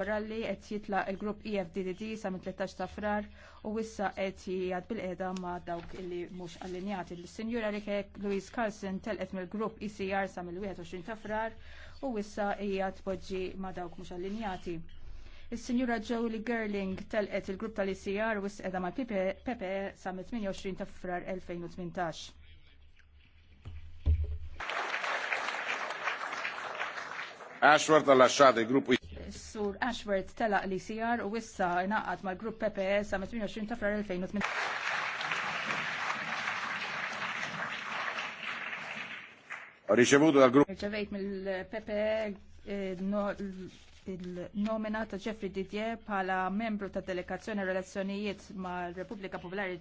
Borralli qed jitlaq il-grupp EFDDD sa minn 13 ta' frar u issa qed jgħad bil qiegħda ma' dawk illi mhux allinjati. L-Sinjura Rike Louise Carlson telqet mill-grupp ECR sa mill-21 ta' frar u issa hija tpoġġi ma' dawk mhux allinjati. Is-Sinjura Jolie Gerling telqet il-grupp tal-ECR u issa ma' Pepe sa mill-28 ta' frar 2018. Ashworth ha lasciato il gruppo Is-sur Ashworth telaq li sijar u wissa issa ma l grupp PPS e sa' 28 ta' frar 2008. Ho ricevuto dal gruppo. Riceveit mill-PPE eh, il-nomina Jeffrey Didier pala membru ta' delegazzjoni relazzjonijiet ma' Repubblika Popolari